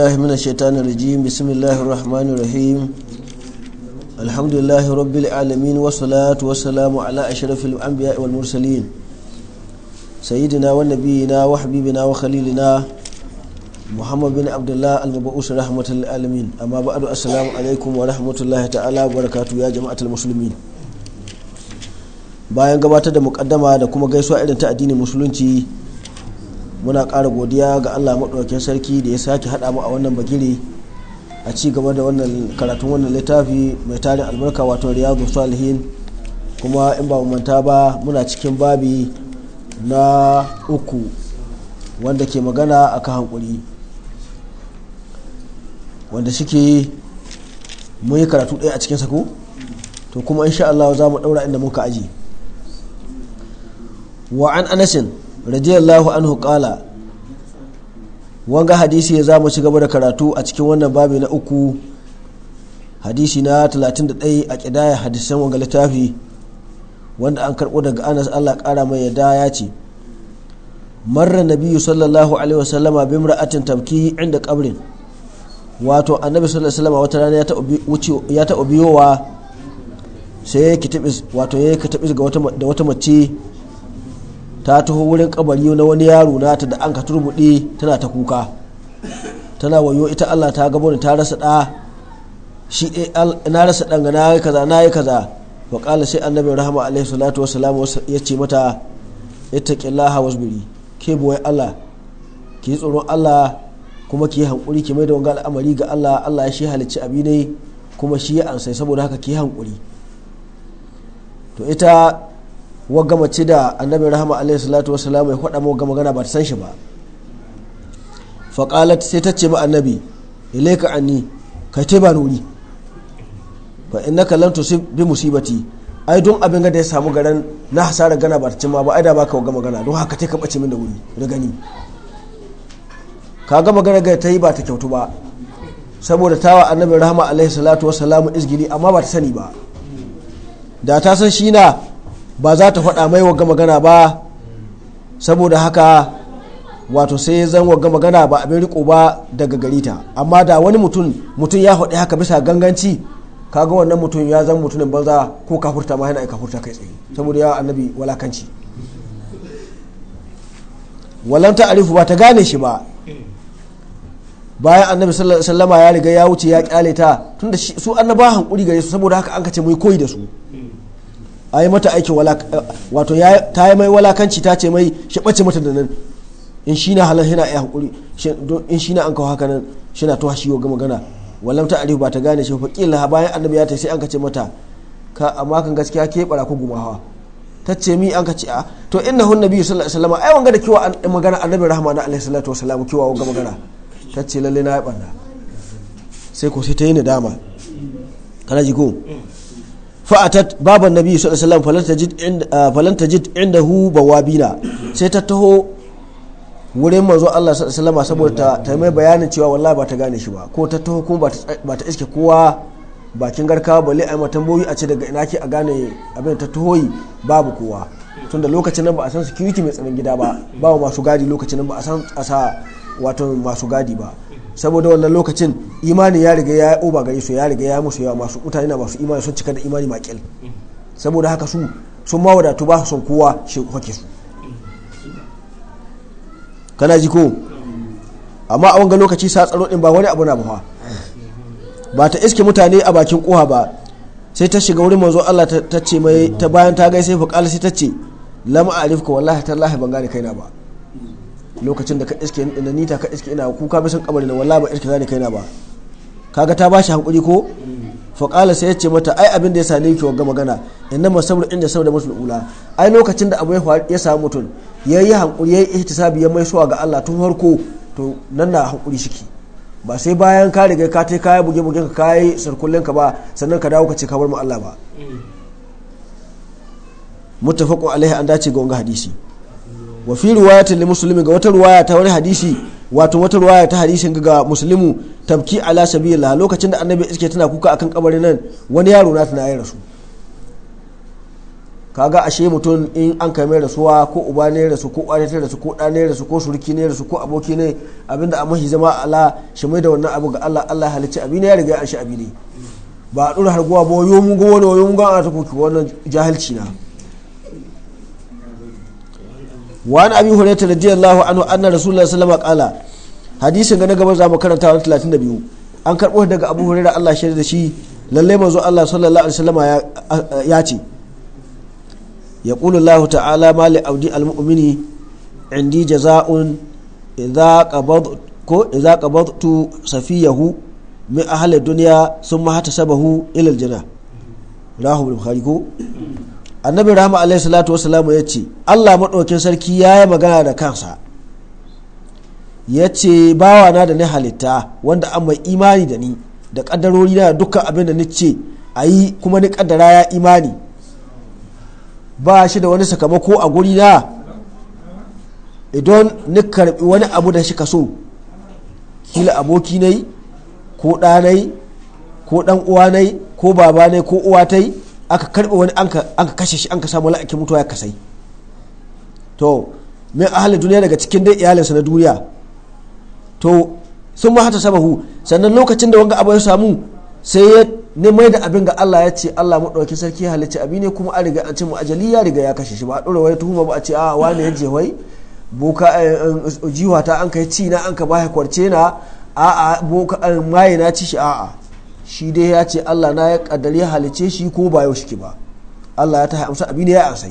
الله من الشيطان الرجيم بسم الله الرحمن الرحيم الحمد لله رب العالمين والصلاة والسلام على أشرف الأنبياء والمرسلين سيدنا ونبينا وحبيبنا وخليلنا محمد بن عبد الله المبعوث رحمة العالمين أما بعد السلام عليكم ورحمة الله تعالى وبركاته يا جماعة المسلمين bayan gabatar da mukaddama da kuma gaisuwa irin ta addinin musulunci muna ƙara godiya ga allah maɗaukin sarki da ya sake haɗa mu a wannan bagiri a ci gaba da wannan karatun wannan littafi mai tarin albarka wato riyadu salihin kuma in ba manta ba muna cikin babi na uku wanda ke magana a kan hankuri wanda shike mun yi karatu ɗaya a cikin sako to kuma insha Allah za mu ɗaura inda muka aji wa an anasin radiyallahu anhu kala wanga hadisi ya mu ci gaba da karatu a cikin wannan babi na uku hadisi na 31 a kidaya hadisan wanga littafi wanda an karbo daga anas allah kara mai yada ya ce marar nabiyu sallallahu alaihi wasallama bi imra'atin tabki inda kabrin wato annabi sallallahu alaihi wasallama wata rana ya taɓa biyowa sai ya yi wato ya da wata mace ta taho wurin kabari na wani yaro na ta da an ka turbuɗe tana ta kuka tana wayo ita Allah ta gabo ta rasa da shi eh, na rasa ɗan ga nayi kaza nayi kaza wa kala sai annabi rahama alaihi salatu wassalam ya ce mata ittaqillaha wasbiri ke boye Allah ki tsoron Allah kuma ki hankuri ki mai da wanga al'amari ga Allah Allah ya shi halicci abi kuma shi ya ansai saboda haka ki hankuri to ita wagga mace da annabi rahama alaihi salatu wasalam ya faɗa mu magana ba ta san shi ba faƙalat sai ta ce ma annabi ilaika anni kai ta ba nuri fa innaka lam tusib bi musibati ai don abin da ya samu garan na hasara gana ba ta ci ma ba ai da ka wagga magana don haka ta ka bace min da wuri da gani gama magana ga ta yi ba ta kyautu ba saboda tawa annabi rahama alaihi salatu wasalam izgiri amma ba ta sani ba da ta san shi na ba za ta faɗa mai wagga magana ba saboda haka wato sai zan wagga magana ba abin riko ba daga gari ta amma da wani mutum mutum ya faɗi haka bisa ganganci kaga wannan mutum ya zan mutumin banza ko kafurta ma yana kafurta kai tsaye saboda yawa annabi walakanci walan arifu ba ta gane shi ba bayan annabi sallama ya riga ya wuce ya kyale ta tunda su annaba hankuri gare su saboda haka an kace mu koyi da su a yi mata aikin wato ta yi mai walakanci ta ce mai shi ɓace mata da nan in shi na halar yana ya hakuri in shi na an kawo haka nan shi na tuwa yau gama magana wallam ta arihu ba ta gane shi laha bayan annabi ya ta sai an ka ce mata ka amma kan gaskiya ke bara ku gumawa ta ce mi an ka ce a to inna hun nabiyyu sallallahu alaihi wasallam ai wanga da kiwa magana annabi rahman alaihi salatu wasallam kiwa wanga magana ta ce lalle na ya banna sai ko sai ta yi nadama kana ji ko fa'atat baban nabi sallallahu alaihi wasallam jid inda ah, falantajid indahu bawabina sai ta taho wurin manzo Allah sallallahu alaihi saboda ta mai bayanin cewa wallahi ba ta gane shi ba ko ta taho kuma ba ta iske kowa bakin garka bale a tamboyi a ce daga ina ke a gane abin ta tahoyi babu kowa tunda lokacin nan ba a san security mai tsanin gida ba ba masu gadi lokacin nan ba a san a sa wato masu gadi ba saboda wannan lokacin imani ya riga ya oba gare su ya riga ya musu yawa masu mutane na masu imani sun cika da imani makil saboda haka su sun ma wadatu ba son kowa shi kwake su kana ji ko amma a wanga lokaci sa tsaro din ba wani abu na ba ba ta iske mutane a bakin kowa ba sai ta shiga wurin manzo Allah ta ce mai ta bayan ta gaisa fa sai ta ce lam a'rifka wallahi tallahi ban gane kaina ba lokacin da ka iske da nita ka iske ina kuka bisan kabari na wallahi ba iske zani kaina ba kaga ta bashi hankuri ko fa qala sai yace mata ai abin da ya same ki wagga magana inna masabru inda da musul ula ai lokacin da abu ya samu mutun yayi hankuri yayi ihtisabi ya mai suwa ga Allah tun farko to nan na hankuri shiki ba sai bayan ka riga ka tai kai buge bugen ka kai sarkullin ka ba sannan ka dawo ka ce ka bar mu Allah ba mm. muttafaqun alaihi an dace ga wanga hadisi wa fi riwayatin li muslimin ga wata riwaya ta wani hadisi wato wata riwaya ta hadisin ga muslimu tabki ala sabila lokacin da annabi iske tana kuka akan kabarin nan wani yaro na tana rasu kaga ashe mutum in an kai mai rasuwa ko uba ne rasu ko uwa ne rasu ko ɗa ne rasu ko surki ne rasu ko aboki ne abinda a mahi zama ala shi mai da wannan abu ga Allah Allah halicci abi ne ya riga an shi abi ne ba a ɗora harguwa ba wayo mun ga wani wayo mun ga ana ta koki wannan jahilci na wa an abi hurairah radiyallahu anhu anna rasulullahi sallallahu alaihi wasallam qala hadisin ga na gaba za mu karanta 32 an karbo daga abu hurairah Allah shi da shi lalle manzo Allah sallallahu alaihi wasallam ya ce ya qulu Allah ta'ala ma li abdi almu'mini indi jaza'un idza qabadtu ko idza qabadtu safiyahu min ahli dunya thumma hatasabahu ila aljannah rahu bukhari ko annabi rahama alaihi salatu wasalam ya ce allah maɗaukin sarki ya yi magana da kansa ya ce na da ni halitta wanda an mai imani da ni da ƙaddarori na dukkan abin da ni ce a yi kuma ni ƙaddara ya imani ba shi da wani sakamako a guri na idan ni karɓi wani abu da shi ka so kila aboki yi ko ɗanai ko ɗan uwa yi ko baba yi ko uwa yi aka karbe wani an ka kashe shi an ka samu la'akin mutuwa ya kasai to min ahalin duniya daga cikin dai iyalinsa na duniya to sun ma hata sabahu sannan lokacin da wanga abu ya samu sai ya ne da abin ga Allah ya ce Allah maɗauki sarki halicci abi ne kuma an riga an ce mu ajali ya riga ya kashe shi ba a ɗora wani tuhuma ba a ce a wani ya je wai boka eh, eh, jiwa ta an kai ci na an ka baya kwarce na a a boka eh, mai na ci shi a a shi dai ya ce Allah na ya kadar ya halice shi ko ba yau shi ba Allah ya ta amsa abin da ya amsai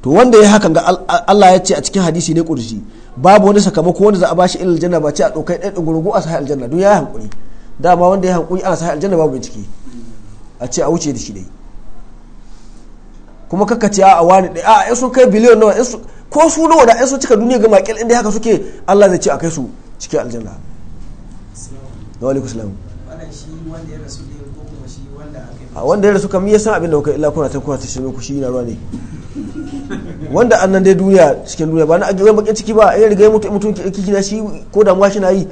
to wanda ya hakan ga Allah ya ce a cikin hadisi ne kurji babu wani sakamako wanda za a bashi ilal janna ba ce a dokai ɗan ɗungurungu a sahi aljanna don ya yi hankuri dama wanda ya hankuri ana sahi aljanna babu bincike a ce a wuce da shi dai kuma kaka ce a wani ɗaya a yasu kai biliyon nawa ko su nawa da yasu cika duniya ga makil inda haka suke Allah zai ce a kai su cikin aljanna wa alaikum a wanda ya rasu kam ya san abin da kuka illa kuna tan kuna ta shirme ku shi na ruwa ne wanda an nan dai duniya cikin duniya ba na ajiyar bakin ciki ba ya riga mutu mutum kiki na shi ko damuwa shi na yi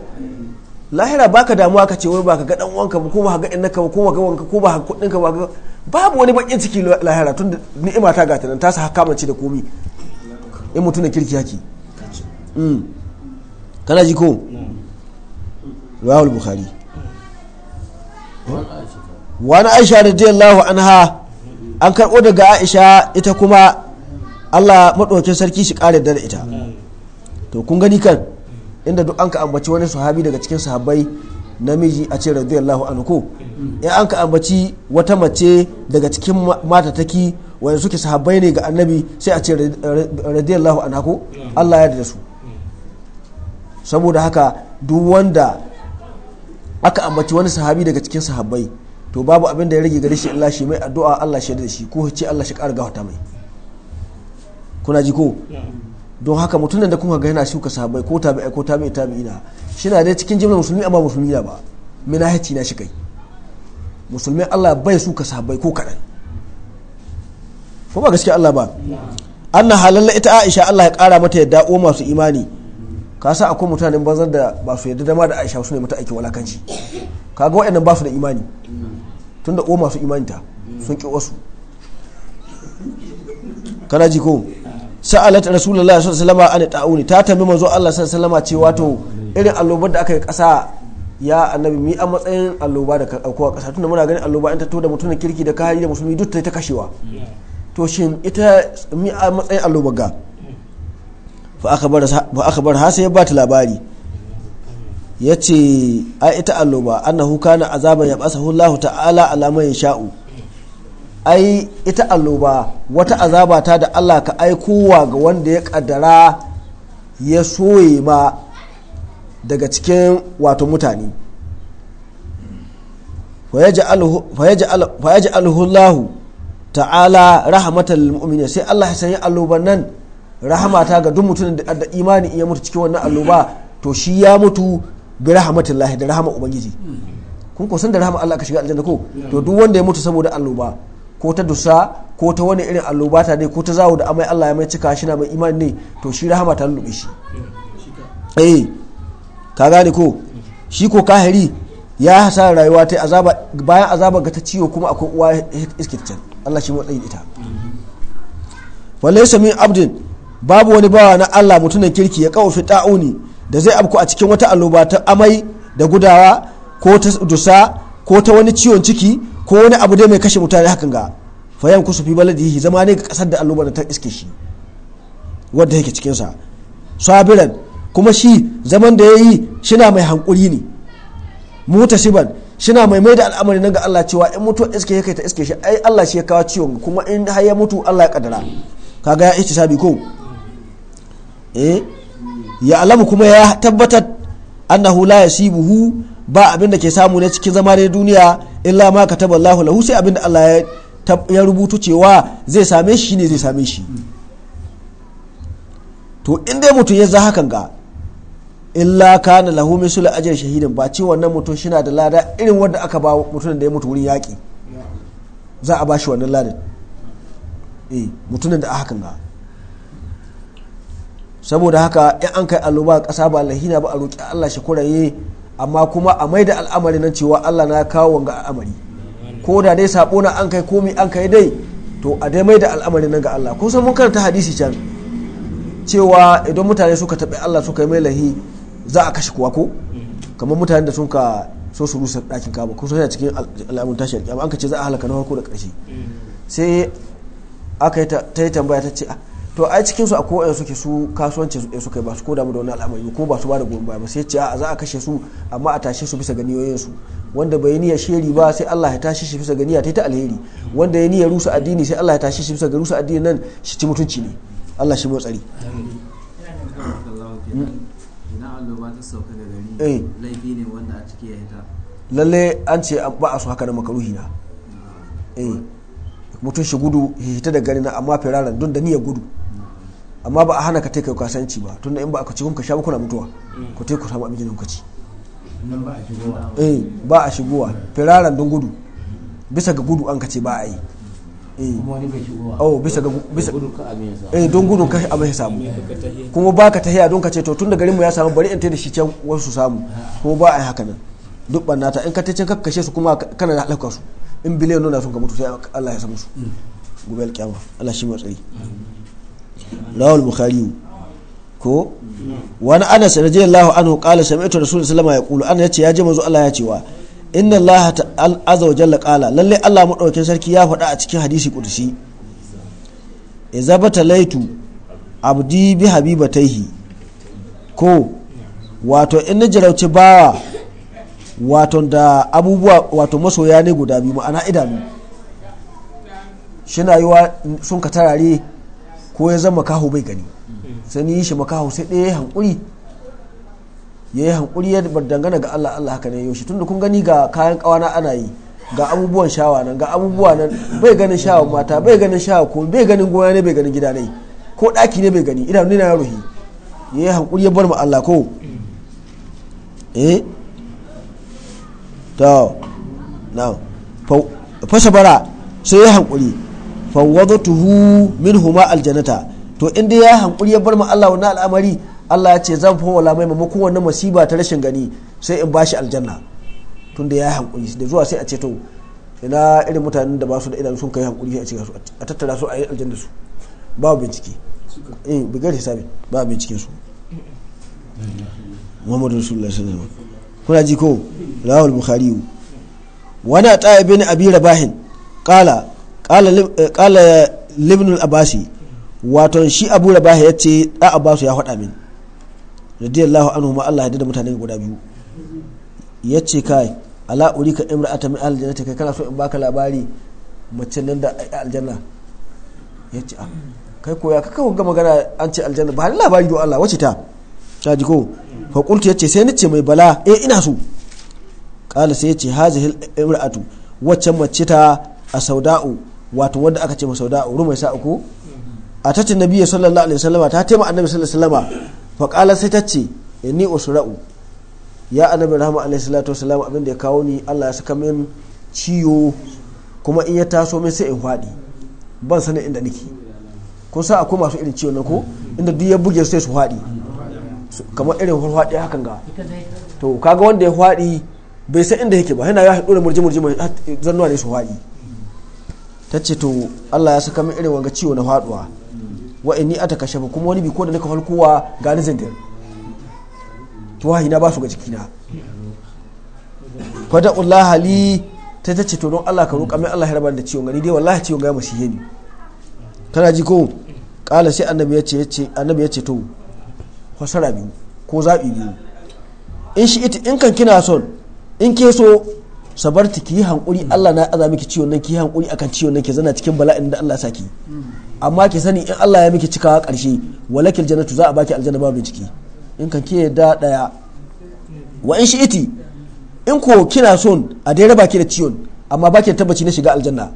lahira baka damuwa ka ce wai baka ga dan uwanka ba ko ba ga ɗan ko ba ga wanka ko ba ga kudinka ba babu wani bakin ciki lahira tun ni'ima ta gata nan ta sa haka mace da komi in mutum na kirki yake hmm. kana ji ko hmm. rawal bukhari wani aisha radiyallahu anha an karbo daga aisha ita kuma allah maɗaukin sarki shi ƙara da ita to kun gani kan inda duk an ka ambaci wani sahabi daga cikin sahabbai namiji a ce radiyallahu anhu ko in an ka ambaci wata mace daga cikin mata taki suke sahabai ne ga annabi sai a ce radiyallahu anha ko Allah ya yarda su saboda haka duk wanda aka ambaci wani sahabi daga cikin sahabbai to babu abin da ya rage gare shi Allah shi mai addu'a Allah shi da shi ko ce Allah shi ƙara gawata mai kuna ji ko don haka mutum da kuma ga yana shuka sahabbai ko tabi'ai ko tabi ina shi na dai cikin jimlar musulmi amma musulmi na ba minahici na shi kai musulmi Allah bai shuka sahabbai ko kaɗan ko ba gaskiya Allah ba anna halalla ita Aisha Allah ya kara mata yadda o masu imani ka sa akwai mutanen banzar da ba su yadda dama da aisha su ne mata aiki walakanci ka ga waɗannan ba su da imani tun da oma su imanta sun ƙi wasu kana ji ko sa'alat rasulullah sallallahu alaihi wasallam ta'uni ta tambi manzo Allah sallallahu alaihi cewa to irin allobar da aka yi ƙasa ya annabi mi a matsayin alloba da a ƙasa tunda muna ganin alloba in ta to da mutumin kirki da kahari da musulmi duk ta kashewa to shin ita mi a matsayin allobar ga fa aka bar sai ya bata labari ya ce ai ita alloba annahu kana azaban basa Allah ta'ala ala ya yasha'u ai ita alloba wata azaba ta da Allah ka aikowa ga wanda ya kaddara ya soye ma daga cikin wato mutane fa ya yaj'aluhu Allah ta'ala rahmatan lil sai Allah ya sanya alloban nan rahamata ga duk mutumin da imani iya mutu cikin wannan alluba to shi ya mutu bi rahmatullahi da rahama ubangiji kun ko san da rahama Allah ka shiga aljanna ko to duk wanda ya mutu saboda alluba ko ta dusa ko ta wani irin alluba ta dai ko ta zawo da amai Allah ya mai cika shi na mai imani ne to shi rahama ta lube shi eh ka gane ko shi ko kahiri ya hasara rayuwa ta azaba bayan azaba ga ta ciwo kuma akwai uwa iskitcan Allah shi tsayi ita wallahi sami abdin babu wani bawa na Allah mutunan kirki ya kawo fita'uni da zai abku a cikin wata annoba ta amai da gudawa ko ta dusa ko ta wani ciwon ciki ko wani abu dai mai kashe mutane hakan ga fayan kusu fi baladihi zama ne ga kasar da da ta iske shi wanda yake cikin sa sabiran kuma shi zaman da yayi shina mai hankuri ne mutasiban shina mai mai da al'amari nan ga Allah cewa in mutu iske yake ta iske shi ai Allah shi ya kawo ciwon kuma in har ya mutu Allah ya kadara kaga ya ihtisabi ko Eh? ya alamu kuma ya tabbatar annahu la yasibuhu ba abin da ke samu ne cikin zama na duniya illa ma kataba Allahu lahu sai abin da Allah ya rubutu cewa zai same shi ne zai same shi to in dai mutum ya za hakan ga illa kana lahu misul ajr shahidin ba ce wannan mutum shina da lada irin wanda aka ba mutum da ya mutu wurin yaƙi za a ba shi wannan ladan eh mutumin da a hakan ga saboda haka in an kai alluba ƙasa ba lahina ba a roƙi Allah shi kuraye amma kuma a maida al'amari nan cewa Allah na kawo wanga al'amari ko da dai sabo na an kai komi an kai dai to a dai maida al'amari nan ga Allah ko san mun karanta hadisi can cewa idan mutane suka taɓa Allah suka yi mai lahi za a kashe kuwa ko kamar mutanen da suka so su rusa ɗakin kaba kun san cikin al'amun tashi alƙiyama an ka ce za a halaka na farko da ƙarshe mm. sai aka yi ta yi tambaya ta ce ah, to ai cikin su akwai wanda suke su kasuwanci su kai ba su koda mu da wani al'amari ko ba su ba da goyon baya ba sai ce a za a kashe su amma a tashe su bisa ganiyoyin su wanda bai niyya sheri ba sai Allah ya tashi shi bisa ganiya ta ta alheri wanda ya niyya rusa addini sai Allah ya tashi shi bisa ga rusa addini nan shi ci mutunci ne Allah shi mai tsari eh. lalle an ce ba a so haka na makaruhi na eh. mutum shi gudu hita da gari na amma firaran don da niyyar gudu amma ba a hana ka kai kasanci ba tunda in ba ka ci kun ka sha kuna mutuwa ku te samu abin da kuka ci eh ba a shigowa firaran don gudu bisa ga gudu an ka ce ba a yi eh. oh bisa ga bisa eh don gudu ka abin ya samu kuma ba ka tahiya don ka ce to tun da garin mu ya samu bari in tai da shi can wasu samu kuma ba a yi haka nan duk bannata in ka ta can ka kashe su kuma kana da halaka su in biliyan nuna sun ka mutu sai Allah ya samu su mm. gobe alƙiyama Allah shi mai tsari mm. rawal bukhari ko wani anas radiyallahu anhu qala sami'tu rasulullahi sallallahu alaihi wasallam yaqulu anas yace yaji mazu Allah ya cewa inna Allah azza wa jalla kala lalle Allah madaukakin sarki ya faɗa a cikin hadisi kudusi idza batalaitu abdi bi yi ko wato in ba wa wato da abubuwa wato masoya ne guda biyu ma'ana idanu yi wa sun ka tarare ko ya zama makaho bai gani sai ni yi shi makaho sai ɗaya hankuri ya yi hankuri ya dangana ga Allah Allah haka ne yaushe tunda kun gani ga kayan kawana ana yi ga abubuwan shawa nan ga abubuwa nan bai ganin shawa mata bai ganin shawa ko bai ganin gona ne bai ganin gida ne ko ɗaki ne bai gani idanu nuna na ruhi ya yi hankuri ya bar ma Allah ko eh to now fashe bara sai ya hankuri fawwadatuhu minhuma aljannata to in dai ya hankuri ya bar ma Allah wannan al'amari Allah ya ce zan fawwala mai maimakon wannan masiba ta rashin gani sai in bashi aljanna tunda ya hankuri da zuwa sai a ce to ina irin mutanen da ba su da idan sun kai hankuri a cikin su a tattara su a yi aljanna su ba bincike eh bigar hisabi ba bincike su Muhammadu Rasulullah sallallahu alaihi wasallam kuna ji ko rawal bukhari wani na ibn abi rabahin qala kala libnul eh, abasi wato shi abu raba ya ce da abasu ya faɗa min radiyallahu anhu ma Allah ya da mutane guda biyu ya ce kai ala urika imra'ata min aljannati kai kana so in baka labari mace nan da aljanna ya ce ah, kai ko ya kaka ga magana an ce aljanna ba ni labari do Allah wace ta ta ji ko fa qultu yace sai nace mai bala eh ina so kala sai yace hazihil imra'atu wacce mace ta a sauda'u wato wanda aka ce masa da uru mai sa uku a tace nabi sallallahu alaihi wasallama ta taimaka annabi sallallahu alaihi wasallama fa qala sai ta ce inni usra'u ya annabi rahama alaihi salatu wasallam abin da ya kawo ni Allah ya saka min ciyo kuma in ya taso min sai in fadi ban sanin inda nake kun sa akwai masu irin ciwon nan ko inda duk ya buge su sai su fadi kamar irin fadi hakan ga to kaga wanda ya fadi bai san inda yake ba yana ya haɗu da murje murje zannuwa ne su fadi ta ce to Allah ya saka min irin wanga ciwo na faduwa wa inni atakashafu kuma wani bi ko da naka falkowa ga ni zindir to wahi na ba su ga jikina fada Allah li ta ta ce to don Allah ka roƙa min Allah ya rabar da ciwon gani dai wallahi ciwon masu yi ne kana ji ko kala sai annabi ya ce annabi ya ce to fasara biyu ko zabi biyu in shi ita in kan kina son in ke so sabarti ki yi hankuri Allah na aza miki ciwon nan ki hankuri akan ciwon nan ki zana cikin bala'in da Allah saki amma ki sani in Allah ya miki cikawa karshe walakil jannatu za a baki aljanna babu ciki in kan ke da daya wa in shi'iti in ko kina son a dai raba ki da ciwon amma baki tabbaci na shiga aljanna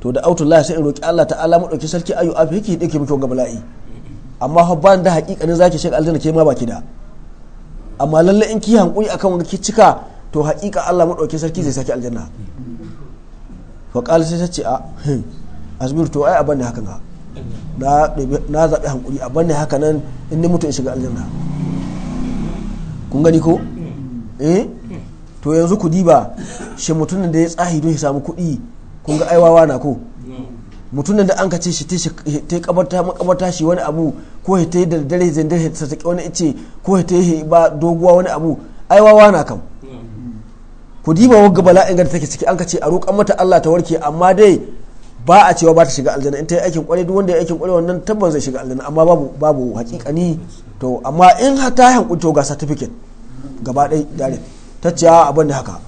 to da autullahi sai in roki Allah ta'ala mu dauki sarki ayu afi yake dake miki wanga bala'i amma habban da hakikanin zaki shiga aljanna ke ma baki da amma lalle in ki hankuri akan wanga ki cika to haƙiƙa Allah maɗauki sarki zai saki aljanna faƙal sai ta ce a hmm, asbir to ai abin ne haka na na zaɓi hankuri a ne haka nan in ni mutu in shiga aljanna kun gani ko eh to yanzu ku diba shi mutumin da ya tsahi don ya samu kuɗi kun ga aiwawa na ko mutumin da an ka ce shi ta kabarta makabarta shi wani abu ko ya ta yi da dare zai dare ta wani ice ko ya ta yi ba doguwa wani abu aiwawa na kam ku diba wagga bala'in da take ciki an ka ce a roƙon mata Allah ta warke amma dai ba a cewa ba ta shiga aljanna in ta yi aikin kwarai duk wanda ya aikin kwarai wannan tabbas zai shiga aljanna amma babu babu hakikani to amma in ha ta yi to ga certificate gaba ɗaya dare ta ce abin da haka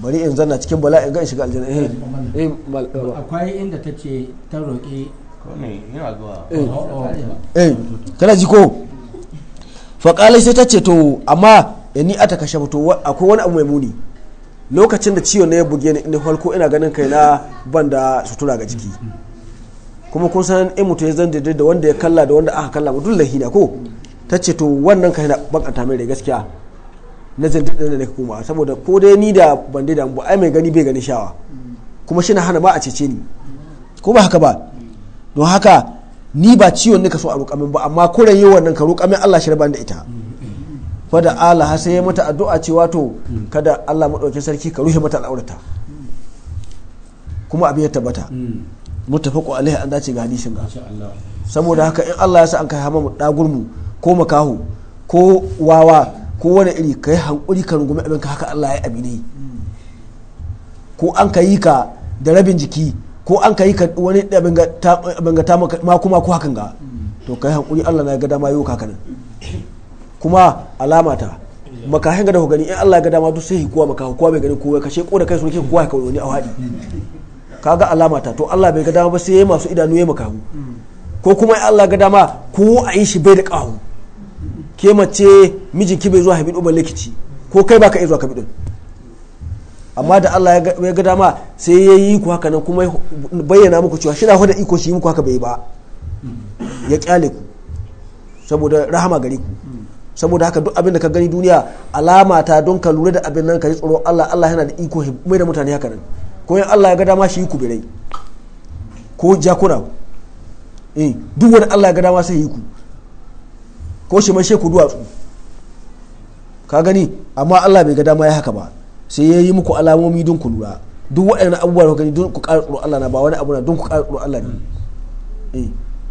bari in zanna cikin bala in ga in shiga aljanna eh eh, eh akwai inda ta ce ta roƙi eh. Oh, oh, oh. eh kana ji ko faƙalai sai ta ce to amma eh, ni ata kashe to akwai wani abu mai muni lokacin da ciwon na ya buge ni ni halko ina ganin kai na ban da sutura ga jiki kuma kun san in mutum ya zan daidai da wanda ya kalla da wanda aka kalla ba dole hina ko ta ce to wannan kai na a mai da gaskiya na zan daidai da kuma saboda ko dai ni da ban da mu ai mai gani bai gani shawa kuma shi na hana ba a cece ni ko ba haka ba don haka ni ba ciwon ka so a roƙa ba amma kuren yi wannan ka roƙa Allah shi da ita fada alaha sai ya mata addu'a cewa to kada Allah maɗauki sarki ka rufe mata al'aurata kuma abin ya tabbata ko hmm. alaihi an dace ga hadisin ga saboda haka in Allah ya sa an kai hama dagurmu ko makaho ko wawa ko wani iri kai hankuri ka rungumi abin ka haka Allah ya abi ne ko an ka yi ka da rabin jiki ko an ka yi ka wani abin ga ta ma kuma ko hakan ga hmm. to kai hankuri Allah na ga dama yau ka nan kuma alamata makahin ga da gani in Allah ga dama duk sai hikuwa makahu kowa bai gani kowa kashe ko da kai sun ke kowa ka wani a wadi kaga alamata to Allah bai ga dama ba sai yayi masu idanu yayi makahu ko kuma in Allah ga dama ku a yi shi bai da kahu ke mace mijinki bai zuwa habin uban likici ko kai baka iya zuwa kabidin amma da Allah ya ga dama sai ya yi ku haka nan kuma bayyana muku cewa shina hoda iko shi muku haka bai ba ya kyale ku saboda rahama gare ku saboda haka duk abin da ka gani duniya alama ta don ka lura da abin nan ka ji tsoro Allah Allah yana da iko mai da mutane haka nan ko in Allah ya ga dama shi yi kubirai ko jakuna eh duk wani Allah ya ga dama sai yi ku ko shi mai sheku duwatsu ka gani amma Allah bai ga dama ya haka ba sai ya yi muku alamomi don ku lura duk waɗannan abubuwa da gani don ku ƙara tsoro Allah na ba wani abu na don ku ƙara tsoro Allah ne eh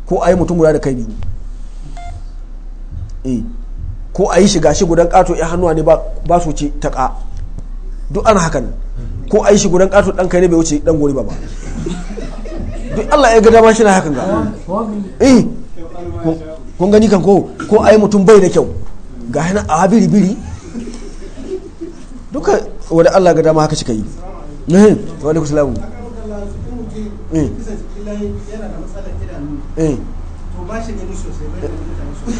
ko a yi mutum guda da kai biyu eh ko a yi shiga shi gudan kato ya hannuwa ne ba su ce ta ka duk ana hakan ko a yi shi gudan kato dan kai ne bai wuce dan gori ba ba duk Allah ya gada dama shi na hakan ga eh kun gani kan ko ko a yi mutum bai da kyau ga hana a biri biri duka wanda Allah gada dama haka shi kai eh wa alaikum salam eh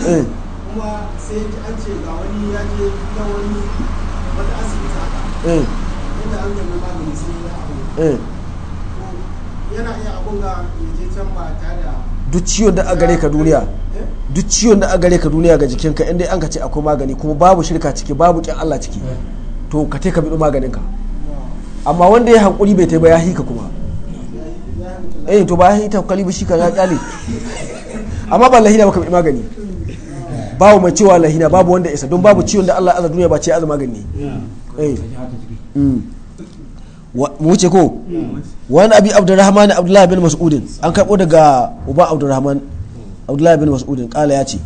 eh kuma sai ji an ce ga wani ya je ta wani wata asibiti haka eh. inda an gani magani sai ya abu eh. yana iya abun ga yaje can ba tare da duk ciwon da agare ka duniya eh? duk ciwon da agare ka duniya ga jikinka inda an ka ce akwai magani kuma babu shirka ciki babu kyan Allah ciki to ka te ka bi maganin ka amma wanda ya hankuri bai ta ba ya hika kuma eh to ba ya hita kalibi shi ka ya kyale amma ba lahira ba ka bi magani babu mai cewa lahina babu wanda isa don babu ciwon da Allah azar duniya ba ce azar magani eh. mm. mu wuce ko mm. wani abi abdurrahman abdullah bin mas'udin an karbo daga uba abdurrahman abdullah bin mas'udin kala ya ce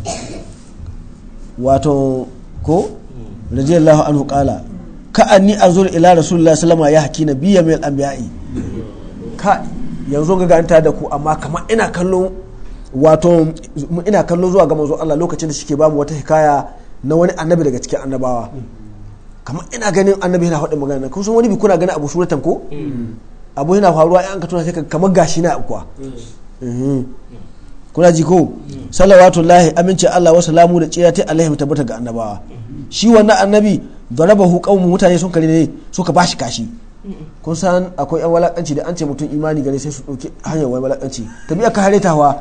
wato ko mm. radiyallahu anhu kala ka anni anzur ila rasulullahi sallama ya haki nabiyya min al-anbiya'i ka yanzu gaganta da ku amma kamar ina kallon wato ina kallo zuwa ga manzon Allah lokacin da shike bamu wata hikaya na wani annabi daga cikin annabawa kamar ina ganin annabi yana faɗin magana kun san wani bi kuna ganin abu suratan ko mm. abu yana faruwa in ka tuna sai kamar gashi na akwa mm. mm-hmm. mm. kuna ji ko lahi amince Allah wa salamu da tsira ta alaihi tabbata ga annabawa mm-hmm. shi wannan annabi darabahu qaumu mutane sun kare ne suka bashi kashi kun san akwai yan walakanci da an ce mutum imani gare sai su ɗauki hanyar wani walakanci biya ka hare tawa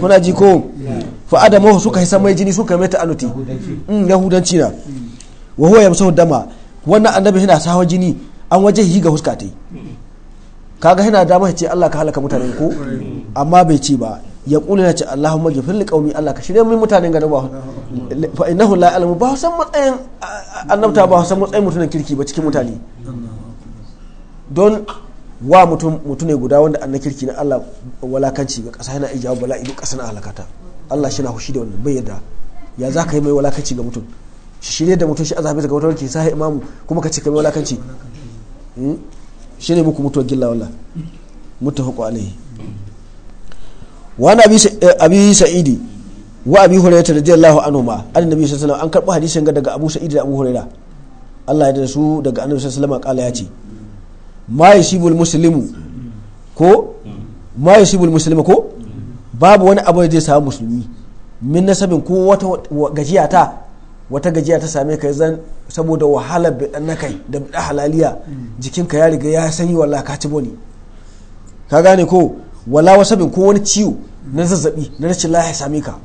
kuna ji ko fa adamu suka yi mai jini suka mai ta'anuti in mm, yahudanci na wa huwa yamsahu dama wannan annabi yana sawa jini an waje yi ga huska ta kaga yana dama ya ce Allah ka halaka mutanen ko amma bai ce ba ya kula na ce Allahumma ghfir li qaumi Allah ka shirye min mutanen ga ba fa innahu la ya'lamu ba san matsayin annabta ba san matsayin mutunan kirki ba cikin mutane don wa mutum ne guda wanda an na kirki na Allah walakanci ga ƙasa yana ijawa bala'i duk ƙasa na halakata Allah shi na hushi da wannan bai yadda ya za ka yi mai walakanci ga mutum shi ne da mutum shi azabe daga wata warke sai imamu kuma ka ce ka mai walakanci hmm? shi ne muku mutuwar gilla wala hukwa alaihi wani eh, abi sa'idi wa abi hurairah radiyallahu anhu ma annabi sallallahu alaihi wasallam an karɓi hadisin ga daga abu sa'idi da abu hurairah Allah ya da su daga annabi sallallahu alaihi wasallam kala ya ce ma yashibul muslimu ko ko babu wani abu da zai samu musulmi min nasabin ko wata gajiya ta wata gajiya ta same ka zan saboda wahalar bidan na kai da bidan halaliya jikinka ya riga ya sanyi walla ka ci boni ka gane ko wala sabin ko wani ciwo na zazzabi na rashin lafiya same ka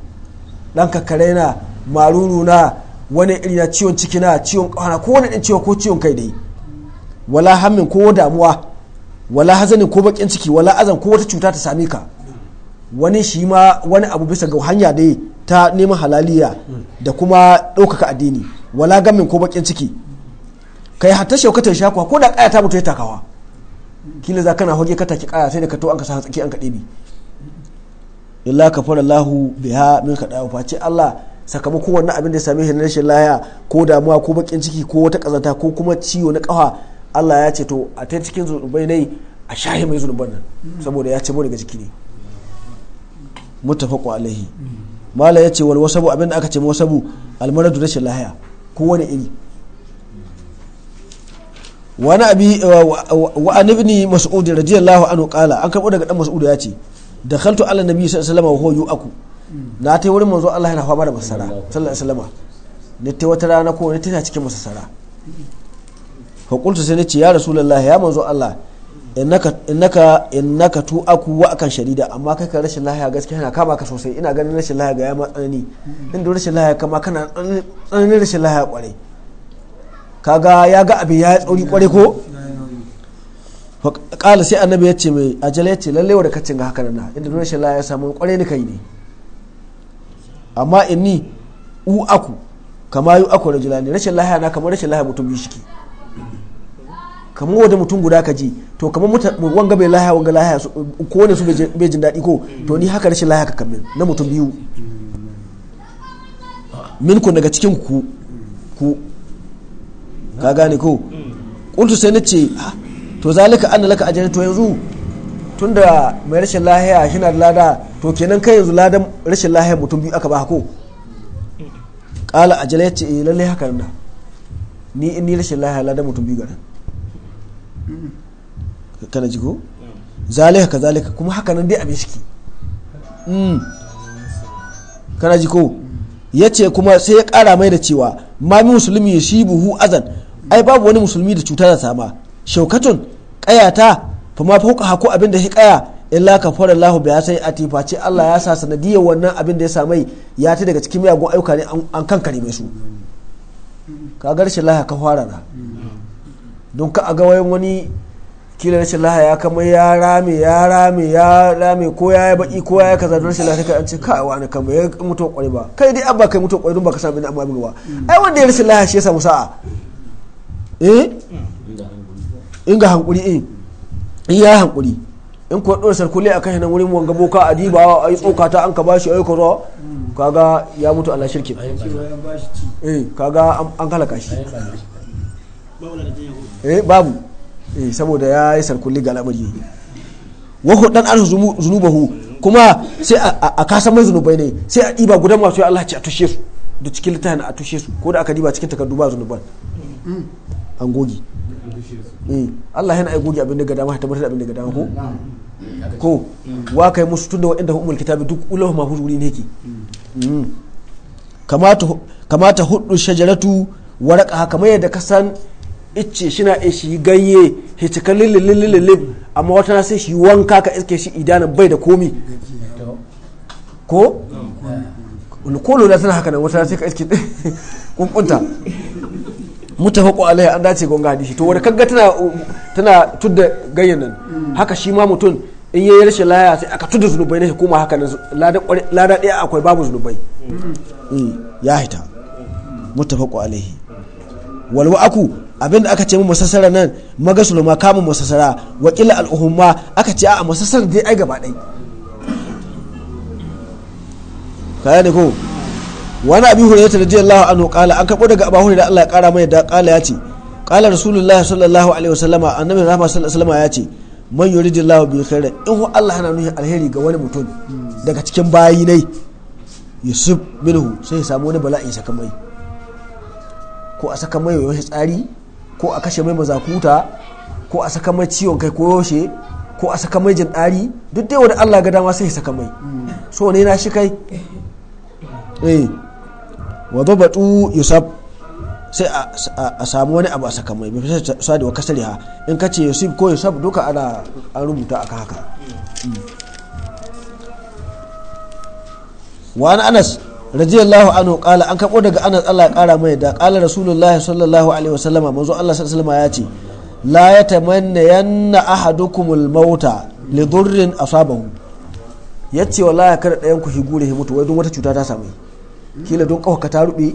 dan ka kare na maruru na wani iri na ciwon ciki na ciwon kwana ko wani ciwo ko ciwon kai dai wala hammin ko damuwa wala hazanin ko bakin ciki wala azan ko wata cuta ta same ka wani shi ma wani abu bisa ga hanya dai ta neman halaliya da kuma ɗaukaka addini wala gamin ko bakin ciki kai hatta shaukatar shakwa ko da kaya ta mutu ya takawa kila za kana hoge ka taki kaya sai da ka to an ka sa tsaki an ka ɗebi illa kafara Allahu biha min kada face Allah sakamakon wannan abin da ya same shi na rashin laya ko damuwa ko bakin ciki ko wata kazanta ko kuma ciwo na kafa Allah ya ce to a ta cikin zunubai ne a shahi mai zunuban nan saboda ya ce mu daga jiki ne muttafaqu alaihi mala ya ce wal wasabu abinda aka ce wasabu almaradu rashin lahiya ko wani iri wani abi wa an ibni mas'ud radiyallahu anhu qala an karbo daga dan mas'ud ya ce dakhaltu ala nabi sallallahu alaihi wasallam wa huwa yu'aku na ta wurin manzo Allah ya fama da masara sallallahu alaihi wasallam ne ta wata rana ko ne tana cikin masara fa sai nace ya rasulullahi ya manzo Allah innaka innaka innaka tu aku wa akan sharida amma kai ka rashin lahiya gaskiya yana kama ka sosai ina ganin rashin lahiya ga ya tsanani in da rashin lahiya kama kana tsananin rashin lahiya kwarai kaga ya ga abin ya tsauri kwarai ko kala sai annabi ya ce mai ajala ya ce lalle wa da kacin ga haka nan inda rashin lahiya ya samu kwarai ni kai ne amma inni u aku kama yu aku rajulani rashin lahiya na kamar rashin lahiya mutum shi ke. kamar wanda mutum guda ka ji to kamar wanga bai lahaya wanga lahaya ko wanda su bai jin daɗi ko to ni haka rashin lahaya ka kamin na mutum biyu min ku daga cikin ku ku ka gane ko kuntu sai na ce to zalika anna laka ajran to yanzu tunda mai rashin lahaya shi na da lada to kenan kai yanzu ladan rashin lahaya mutum biyu aka ba ko kala ajala ya ce eh lalle haka na ni in ni rashin lahaya ladan mutum biyu garan kana ji zalika ka kuma haka nan dai abin shi hmm. kana jiko yace kuma sai ya kara mai da cewa mami musulmi ya shi buhu azan ai babu wani musulmi da cuta da sama shaukatun kayata fa ma fauka hako abin da shi kaya illa ka fara lahu bai sai a tifaci Allah ya sa sanadiyar wannan abin da ya samai ya ta daga cikin miyagun ayyuka ne an kankare mai su ka garshe laha ka fara don ka a ga wani kila rashin laha ya kama ya rame ya rame ya rame ko ya yi baki ko ya yi kaza don rashin laha kai an ce kai wani kama ya mutu kwari ba kai dai abba kai mutu kwari don baka sami amma abin mm. ai wanda ya rashin laha shi ya samu sa'a eh in ga hankuri in eh. in ya hankuri in kuwa ɗora sarkuli a kashe wurin wanga boka a diba a yi tsoka ta an ka ba shi aiko mm. kaga ya mutu allah shirkin eh, kaga an halaka shi eh babu eh saboda ya yi sarkulli ga al'amari wa hudan an zunubahu kuma sai a kasan mai zunubai ne sai a ɗiba gudan masu Allah ci a tushe su da cikin littafin a tushe su ko da aka diba cikin takardu ba zunuban an gogi eh, Allah yana ai gogi abin da ga dama ta tabbatar abin da ga dama ko ko wa kai musu tunda wa'inda hukumul kitabi duk ulahu mahfuz wuri ne ke hmm. kamata kamata hudu shajaratu waraka kamar yadda ka san icce shina in shi ganye hitika lillillillillillib amma wata na sai shi wanka ka iske shi idana bai da komi ko kolo na suna haka nan wata na sai ka iske kunkunta mutafaku alaiya an dace gonga hadisi to wani kaga tana tana tudda ganyen nan haka shi ma mutum in yayi rashin laya sai aka tudda zunubai shi kuma haka nan lada ɗaya akwai babu zunubai mm, ya hita mutafaku alaihi walwa aku abin da aka ce mu musassara nan magasul ma kamun musassara wakila al'uhumma aka ce a musassara dai ai gaba dai kaya ne ko wani abi hurairah radiyallahu anhu qala an karbo daga abu da Allah ya kara mai da qala ya ce qala rasulullahi sallallahu alaihi wasallam annabi rahma sallallahu alaihi ya ce man yuridillahu bi khairin in Allah yana nuhi alheri ga wani mutum daga cikin bayi ne yusuf minhu sai ya samu wani bala'i sakamai ko a saka mai wani tsari ko a kashe mai mazakuta ko a saka mai ciwon kai ko yaushe ko a saka mai jin ɗari duk dai wani Allah ga dama sai ya saka mai so ne na shi kai eh wazo batu yusuf sai a samu wani abu a saka mai bai fasa sadi wa kasari ha in ka ce yusuf ko yusuf duka ana an rubuta aka haka hmm. wani anas radiyallahu anhu kala an kabo daga anas Allah ya kara mai da kala rasulullah sallallahu alaihi wasallam manzo Allah sallallahu alaihi ya ce la yatamanna yanna ahadukumul mauta li durrin asabahu yace wallahi kada ɗayan ku higure gure mutu wai don wata cuta ta samu kila don kawaka ta rube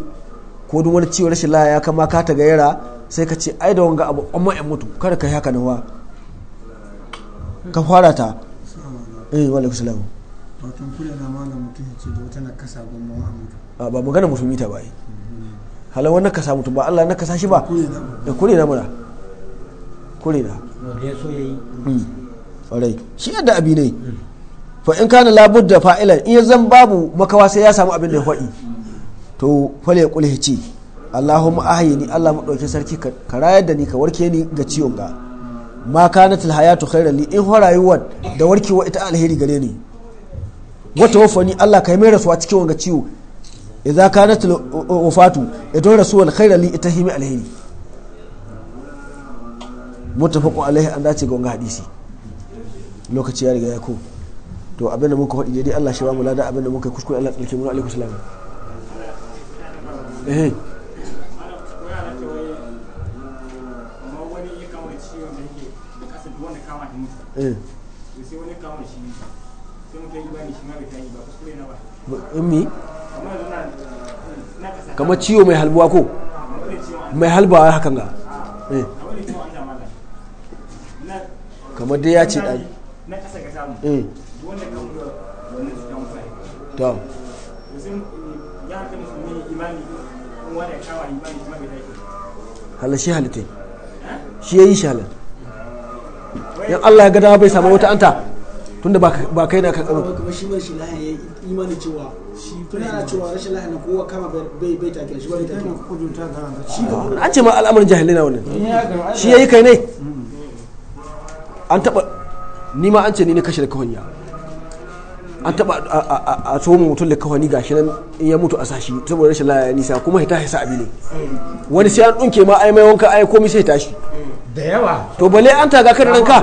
ko don wani ciwo rashin laya ya kama ka ta yara sai ka ce ai da wanga abu amma in mutu kada ka yi haka nan wa ka fara ta eh wa alaikum watan kula na mutum ya ce da wata nakasa ba magana musulmi ta bai halan wani kasa mutum ba Allah na kasa shi ba da kure na mura kure na kwarai hmm, shi yadda abi ne fa in kana labud da fa'ilan in zan babu makawa sai ya samu abin da ya faɗi to fale ya kule ce Allahumma ni Allah madauke sarki ka rayar da ni ka warke ni ga ciwon ga ma kanatul hayatu khairan li in ho rayuwar da warkewa ita alheri gare ni wata wafani Allah ka yi mai rasuwa cikin wanga ciwo idza kanat wafatu idan rasul khaira li itahimi alheri muttafaqu alaihi an dace ga wanga hadisi lokaci ya riga ya ko to abinda muka faɗi dai Allah shi ba mu lada abinda muka yi kuskure Allah tsarki mu alaikum salam eh eh in kamar ciwo mai halbuwa ko mai halbawa hakan ga eh. kamar dai ya ce ɗan eh. to eh, halashi halittai shi ya yi shi halar yan allah ya gada bai samu wata anta tunda ba kai na ka tsaro kuma shi mai shi lahan ya imani cewa shi kuna cewa rashin lahan na kowa kama bai bai take shi bai take shi ga an ce ma al'amarin jahilai na wannan shi yayi kai ne mm. an taba ni ma an ce ni ne kashe da kawanya an taba a tsoma mutum da kawani gashi nan in ya mutu a sashi saboda rashin lahan nisa kuma ya tashi sa'abi ne mm. wani sai an dunke ma ai mai wanka ai komai sai tashi da yawa to bale an taga kan ranka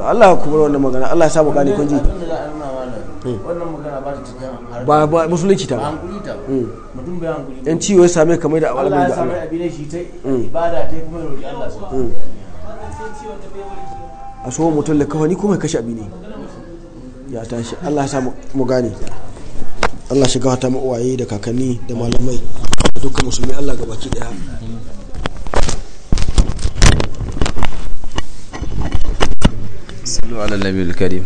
to Allah ku bar wannan magana Allah ya sa mu gane kun ji wannan magana ba ta cikin ba ba musulunci ta ba hmm. mutum bai hankuli yan ciwo ya same kamar da Allah ya same abin shi ta hmm. ibada ta kuma roki Allah su hmm. a so mutum da kawai kuma kashe abi ne ya tashi Allah ya sa mu gane Allah shiga ta mu uwaye da kakanni da malamai dukkan musulmi Allah gabaki daya صلوا على النبي الكريم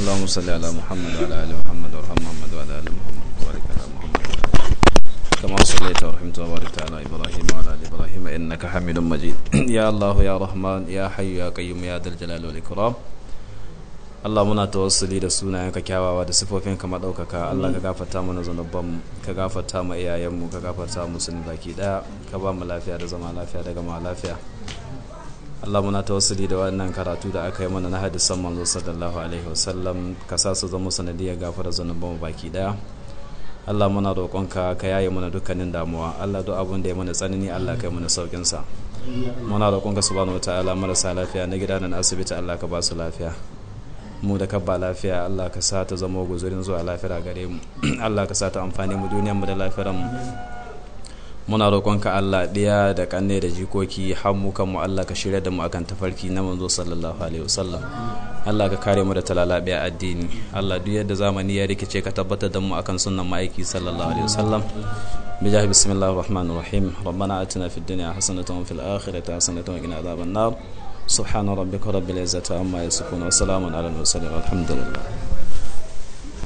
اللهم صل على محمد وعلى ال محمد وارحم محمد وعلى ال محمد وبارك على محمد كما صليت ورحمت وباركت على ابراهيم وعلى ال ابراهيم انك حميد مجيد يا الله يا رحمن يا حي يا قيوم يا ذا الجلال والاكرام Allah muna tawassuli da sunayenka kyawawa da sifofin ka madaukaka Allah ka gafarta mana zanubban ka gafarta mu iyayenmu ka gafarta mu sun baki daya ka ba mu lafiya da zama lafiya daga ma lafiya Allah muna tawassuli da wannan karatu da aka yi mana na hadisan manzo sallallahu alaihi wasallam ka sa su zama sanadiyya gafara zanuban baki daya Allah muna roƙonka ka yaye mana dukkanin damuwa Allah duk abin da ya mana tsanani Allah kai mana saukin sa muna roƙonka subhanahu wataala marasa lafiya na gida nan asibiti Allah ka ba su lafiya mu da kabba lafiya Allah ka sa ta zama guzurin zuwa lafiya gare mu Allah ka sa ta amfani mu duniyar mu da lafiyar mu muna roƙonka Allah ɗiya da ƙanne da jikoki har mu kanmu Allah ka shirya da mu akan tafarki na manzo sallallahu alaihi wasallam Allah ka kare mu da talalabe a addini Allah duk yadda zamani ya rikice ka tabbatar da mu akan sunnan ma'aiki sallallahu alaihi wasallam bijah bismillahir rahmanir rahim rabbana atina fid dunya hasanatan wa fil akhirati hasanatan wa qina adhaban nar subhana rabbika rabbil izzati amma yasifun wa salamun alal mursalin alhamdulillah